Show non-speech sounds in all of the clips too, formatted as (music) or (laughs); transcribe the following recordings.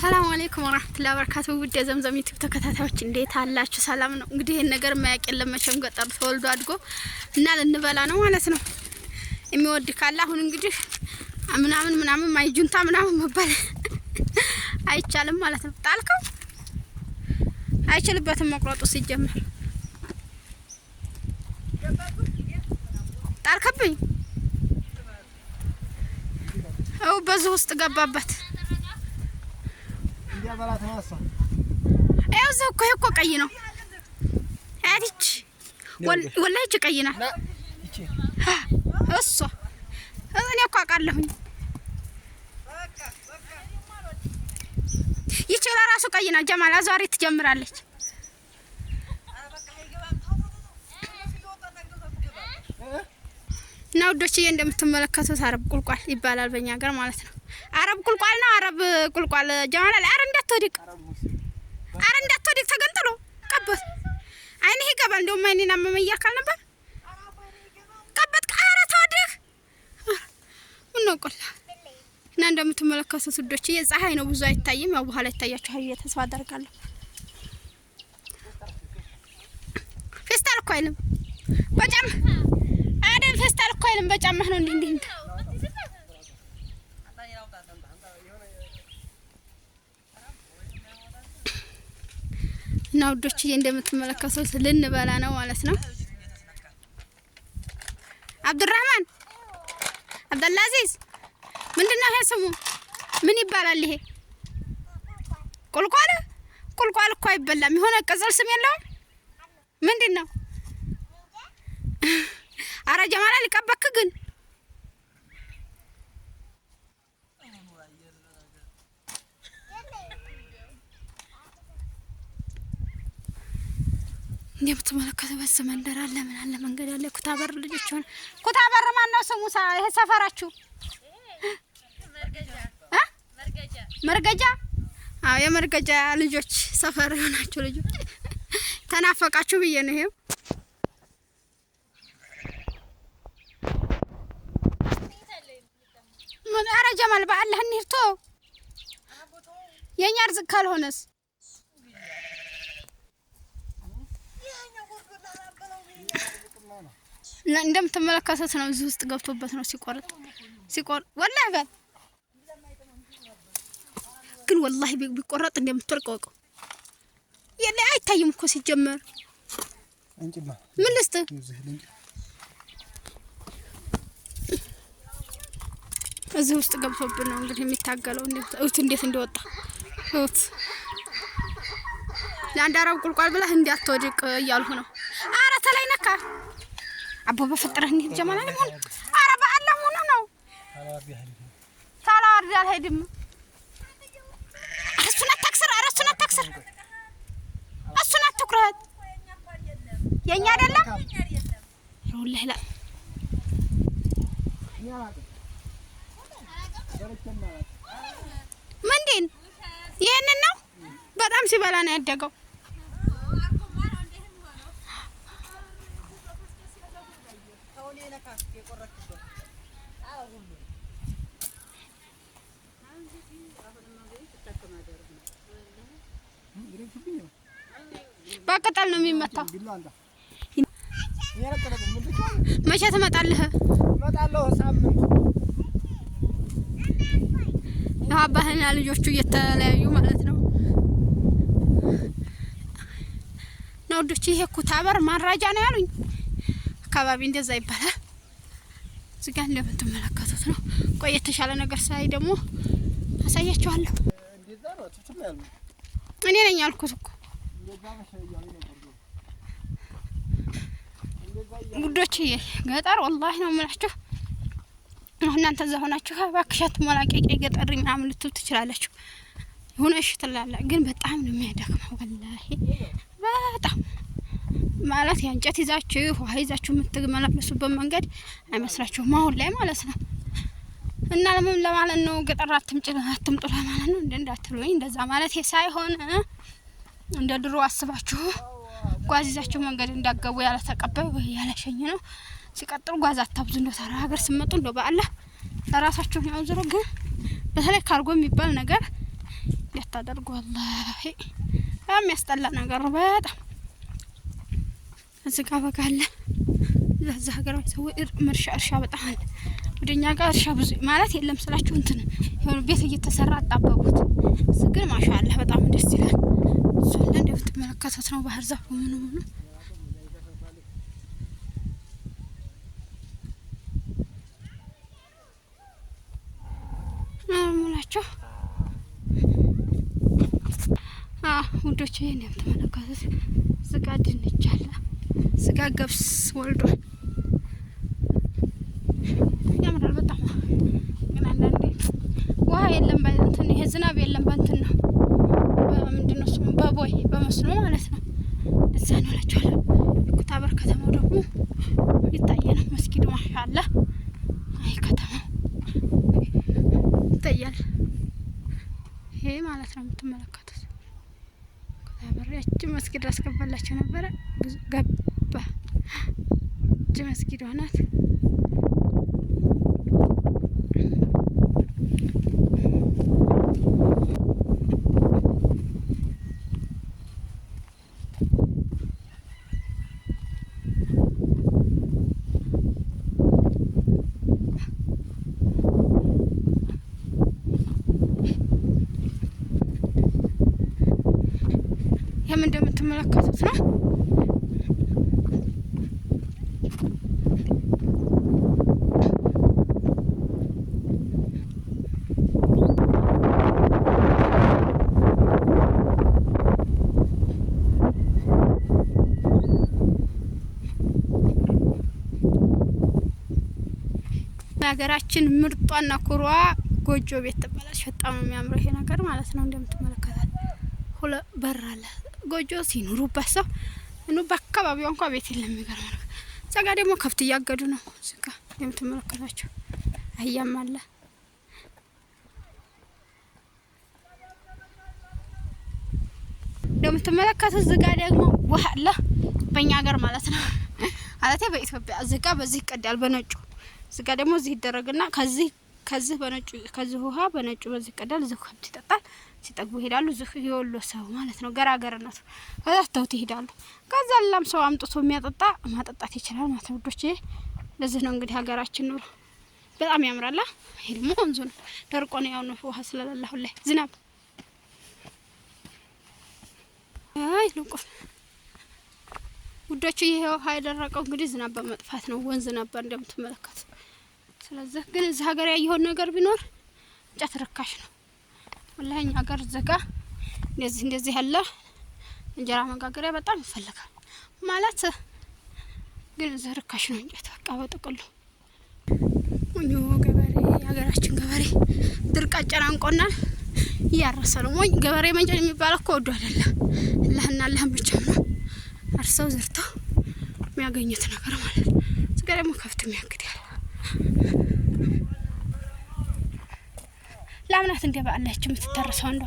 ሰላም አለይኩም ወራህመቱላሂ ወበረካቱ ውድ የዘምዘም ዩቲዩብ ተከታታዮች እንዴት አላችሁ? ሰላም ነው። እንግዲህ ይህን ነገር ማያቅ የለም መቼም ገጠር ተወልዶ አድጎ እና ልንበላ ነው ማለት ነው። የሚወድ ካለ አሁን እንግዲህ ምናምን ምናምን ማይጁንታ ምናምን መባል (laughs) አይቻልም ማለት ነው። ጣልከው አይችልበትም መቁረጡ ሲጀመር ጣልከብኝ። አው በዚህ ውስጥ ገባበት ያው እዛ እኮ እኮ ቀይ ነው። አዲች ወላሂ ቀይ ናት። እሷ እኔ እኮ አውቃለሁኝ። ይቺ ለራሱ ቀይ ናት። ጀማል አዟሪ ትጀምራለች። እና ውዶችዬ እንደምትመለከቱት አረብ ቁልቋል ይባላል በእኛ ሀገር ማለት ነው። አረብ ቁልቋል ነው። አረብ ቁልቋል ጀማል እንዳትወድቅ፣ አረ እንዳትወድቅ። ተገንጥሎ ቀበት። አይንህ ይገባል። እንደውም አይኔን አመመኝ ቀበት። ተወድቅ። እና እንደምትመለከቱት ውዶች የፀሐይ ነው፣ ብዙ አይታይም። ያው በኋላ ይታያችኋል ብዬ ተስፋ አደርጋለሁ። ፌስታል እኮ አይልም በጫማ ፌስታል እኮ አይልም በጫማ ነው እንዲህ እንዲህ እና ውዶችዬ እንደምትመለከቱት ልንበላ ነው ማለት ነው። አብዱራህማን አብደላዚዝ ምንድነው ነው ይሄ ስሙ? ምን ይባላል ይሄ? ቁልቋል? ቁልቋል እኮ አይበላም። የሆነ ቅጽል ስም የለውም? ምንድን ነው? አረጀማላ ሊቀበክ ግን እንደምትመለከቱበት መንደር አለ፣ ምን አለ፣ መንገድ አለ። ኩታበር ልጆች ሆነ ኩታበር ማን ነው ስሙ? ይሄ ሰፈራችሁ መርገጃ? አዎ የመርገጃ ልጆች ሰፈር የሆናችሁ ልጆች ተናፈቃችሁ ብዬ ነው ይሄው ምን አረጀ ጀማል በአላህ እንሂድ ቶ የኛ እርዝቅ ካልሆነስ እንደምትመለከቱት ነው። እዚህ ውስጥ ገብቶበት ነው ሲቆርጥ ሲቆርጥ ወላሂ ጋር ግን ወላሂ ቢቆረጥ እንደምትወርቅ ወቀው የለ አይታይም እኮ ሲጀመር። ምን ልስጥ እዚህ ውስጥ ገብቶብን ነው እንግዲህ የሚታገለው። እዩት እንዴት እንደወጣ እዩት። ለአንድ አረብ ቁልቋል ብለህ እንዳትወድቅ እያልሁ ነው። አረ ተላይ ነካ አቦ በፈጠረህ እንሂድ። ጀማል አልሆነ ኧረ በአላህ ሆኖ ነው ታላዋርድ አልሄድም። እሱን አታክስር፣ ኧረ እሱን አታክስር፣ እሱን አትኩረት። የእኛ አይደለም ወላሂ ምንድን ይህንን ነው በጣም ሲበላ ነው ያደገው። በቅጠል ነው የሚመታው። መቼ ትመጣለህ? አባህና ልጆቹ እየተለያዩ ማለት ነው። ነውዶች ይሄ ኩታበር ማራጃ ነው ያሉኝ። አካባቢ እንደዛ ይባላል። እዚጋ እንደምትመለከቱት ነው። ቆይ የተሻለ ነገር ሳይ ደግሞ አሳያችኋለሁ። እኔ ነኝ ያልኩት እኮ ጉዶች ገጠር ወላሂ ነው የምላችሁ። እናንተ እዛ ሆናችሁ ባክሻት ሞላቂቂ ገጠሪ ምናምን ልትሉ ትችላላችሁ። ሆነ እሺ ግን በጣም ነው የሚያደክመው ወላሂ በጣም ማለት የእንጨት ይዛችሁ ውሃ ይዛችሁ የምትመላለሱበት መንገድ አይመስላችሁም አሁን ላይ ማለት ነው። እና ለምን ለማለት ነው ገጠር አትምጭ አትምጡ ለማለት ነው እንደ እንዳትሉኝ እንደዛ ማለት ሳይሆን እንደ ድሮ አስባችሁ ጓዝ ይዛችሁ መንገድ እንዳገቡ ያለ ወይ ያለሸኝ ነው። ሲቀጥሉ ጓዝ አታብዙ። እንደ ተራ ሀገር ስመጡ እንደ በአለ ለራሳችሁ ያው ዝሮ ግን በተለይ ካርጎ የሚባል ነገር ያታደርጉ ወላሂ በጣም የሚያስጠላ ነገር በጣም እዚህ ጋ በጋ አለ። እዛ ሀገራዊ ሰው እርሻ እርሻ በጣም አለ። ወደ ጋር እርሻ ብዙ ማለት የለም ስላችሁ እንትን የሆነ ቤት እየተሰራ አጣበቡት። እዚህ ግን ማሻአላህ በጣም ደስ ይላል። እሱ ላይ እንደምትመለከቱት ነው ባህር ዛፍ ምኑ ምኑ ናቸው ውዶች፣ ይህን የምትመለከቱት ዝጋ ድንች አለ። ስጋ ገብስ ወልዷል። ያምራል በጣም ግን አንዳንዴ ውሃ የለም እንትን ይሄ ዝናብ የለም በእንትን ነው በምንድን ነው ስሙ በቦይ በመስኖ ማለት ነው። እዛ ነው እላችኋለሁ። ኩታበር ከተማው ደግሞ ይታየናል። መስጊዱ ማሻአላ ይህ ከተማው ይታያል። ይሄ ማለት ነው የምትመለከቱ ያቺ መስጊድ ላስገባላቸው ነበረ ገባ። እጅ መስጊድ ሆናት። ይህም እንደምትመለከቱት ነው። ሀገራችን ምርጧና ኩሯ ጎጆ ቤት ትባላለች። በጣም የሚያምረው ይሄ ነገር ማለት ነው። እንደምትመለከታት ሁለ በር አለ። ጎጆ ሲኖሩበት ሰው እኑ በአካባቢዋ እንኳ ቤት የለም። የሚገርመው ነው። እዛ ጋ ደግሞ ከብት እያገዱ ነው። እዚህ ጋ የምትመለከቷቸው አህያም አለ። እንደምትመለከቱት እዚህ ጋ ደግሞ ውሃ አለ። በእኛ ሀገር ማለት ነው አለቴ በኢትዮጵያ እዚህ በዚህ ይቀዳል በነጩ እዚህ ጋ ደግሞ እዚህ ይደረግና ከዚህ ከዚህ በነጩ ከዚህ ውሃ በነጩ በዚህ ይቀዳል እዚህ ከብት ሲጠግቡ ይሄዳሉ። ዝህ የወሎ ሰው ማለት ነው ገራገርነቱ። ከዛ ተውት ይሄዳሉ። ከዛ ሌላም ሰው አምጥቶ የሚያጠጣ ማጠጣት ይችላል ማለት ነው። ውዶች ለዚህ ነው እንግዲህ ሀገራችን ኑሮ በጣም ያምራላ። ይሄ ደግሞ ወንዙ ነው ደርቆ ነው ያው ነው ውሃ ስለሌለ ላይ ዝናብ አይ ልቆፍ ውዶቹ ይሄ ውሃ የደረቀው እንግዲህ ዝናብ በመጥፋት ነው። ወንዝ ነበር እንደምትመለከቱ። ስለዚህ ግን እዚህ ሀገር ያየሆን ነገር ቢኖር እንጨት ርካሽ ነው። ወላሂ ሀገር ዘጋ እንደዚህ እንደዚህ ያለ እንጀራ መጋገሪያ በጣም ይፈልጋል ማለት ግን እዚህ ነው እንጨት። በቃ በጥቅሉ ሞኞ ገበሬ የሀገራችን ገበሬ ድርቅ አጨናንቆናል፣ እያረሰ ነው። ሞኝ ገበሬ መንጨት የሚባለው እኮ ወዶ አይደለም፣ አላህና አላህን ብቻ ነው አርሰው ዘርተው የሚያገኙት ነገር ማለት ነው። ስጋ ደግሞ ከብት የሚያግድ ያለ በጣም ናት እንደ ባላችሁ የምትተርሰው አንዷ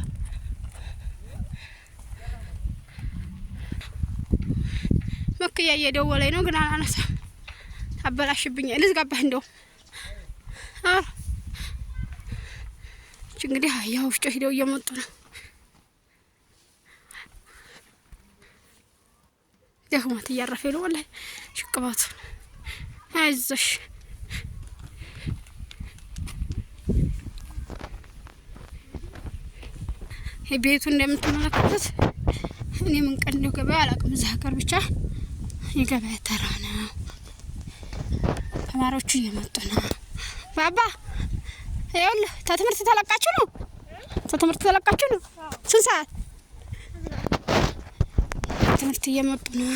መክያ እየደወለኝ ነው ግን አላነሳ አበላሽብኝ ልዝጋባህ እንደው እንግዲህ ያው ውስጮ ሂደው እየመጡ ነው ደክሞት እያረፈ ነው ወላሂ ሽቅባቱ አይዞሽ ቤቱ እንደምትመለከቱት እኔ ምን ቀን ነው ገበያ አላውቅም። እዛ ሀገር ብቻ የገበያ ተራ ነው። ተማሪዎቹ እየመጡ ነው። ባባ ይኸውልህ ተትምህርት ተለቃችሁ ነው? ተትምህርት ተለቃችሁ ነው? ስንት ሰዓት ትምህርት እየመጡ ነው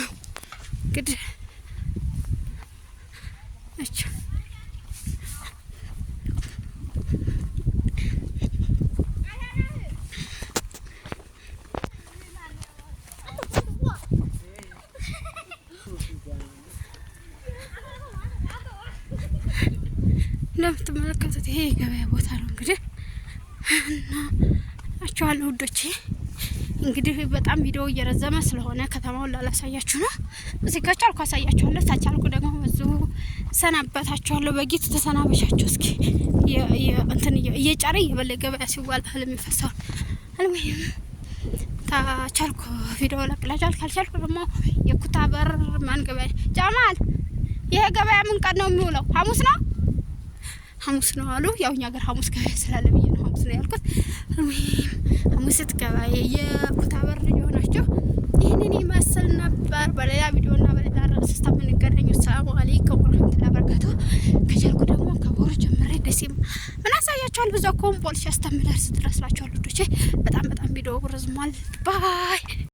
እንግዲህ ይሄ የገበያ ቦታ ነው እንግዲህ እናቸዋለሁ ውዶቼ። እንግዲህ በጣም ቪዲዮ እየረዘመ ስለሆነ ከተማውን ላላሳያችሁ ነው። እዚህ ከቻልኩ አሳያችኋለሁ፣ ታቻልኩ ደግሞ ሰናበታችኋለሁ። በጌት እስኪ እንትን እየጫረ እየበለ ገበያ ሲዋል ታቻልኩ ቪዲዮ ለቅላችኋል። ካልቻልኩ ደግሞ የኩታበር ማን ገበያ ይሄ ገበያ ምን ቀን ነው የሚውለው? ሐሙስ ነው ሐሙስ ነው አሉ። ያው እኛ ሀገር ሐሙስ ገበያ ስላለ ብዬ ነው ሐሙስ ነው ያልኩት። ሐሙስ ስትገበያ የኩታበር ልጅ የሆናቸው ይህንን ይመስል ነበር። በሌላ ቪዲዮ እና በሌላ ረስስታ የምንገናኙ። ሰላሙ አለይኩም ወረህመቱላሂ ወበረካቱ። ከቻልኩ ደግሞ ከቦሮ ጀምሬ ደሴም ምን አሳያቸዋል። ብዙ ኮምፖልሽ እስከምደርስ ድረስ ላቸዋል። ልጆቼ በጣም በጣም ቪዲዮ ረዝሟል። ባይ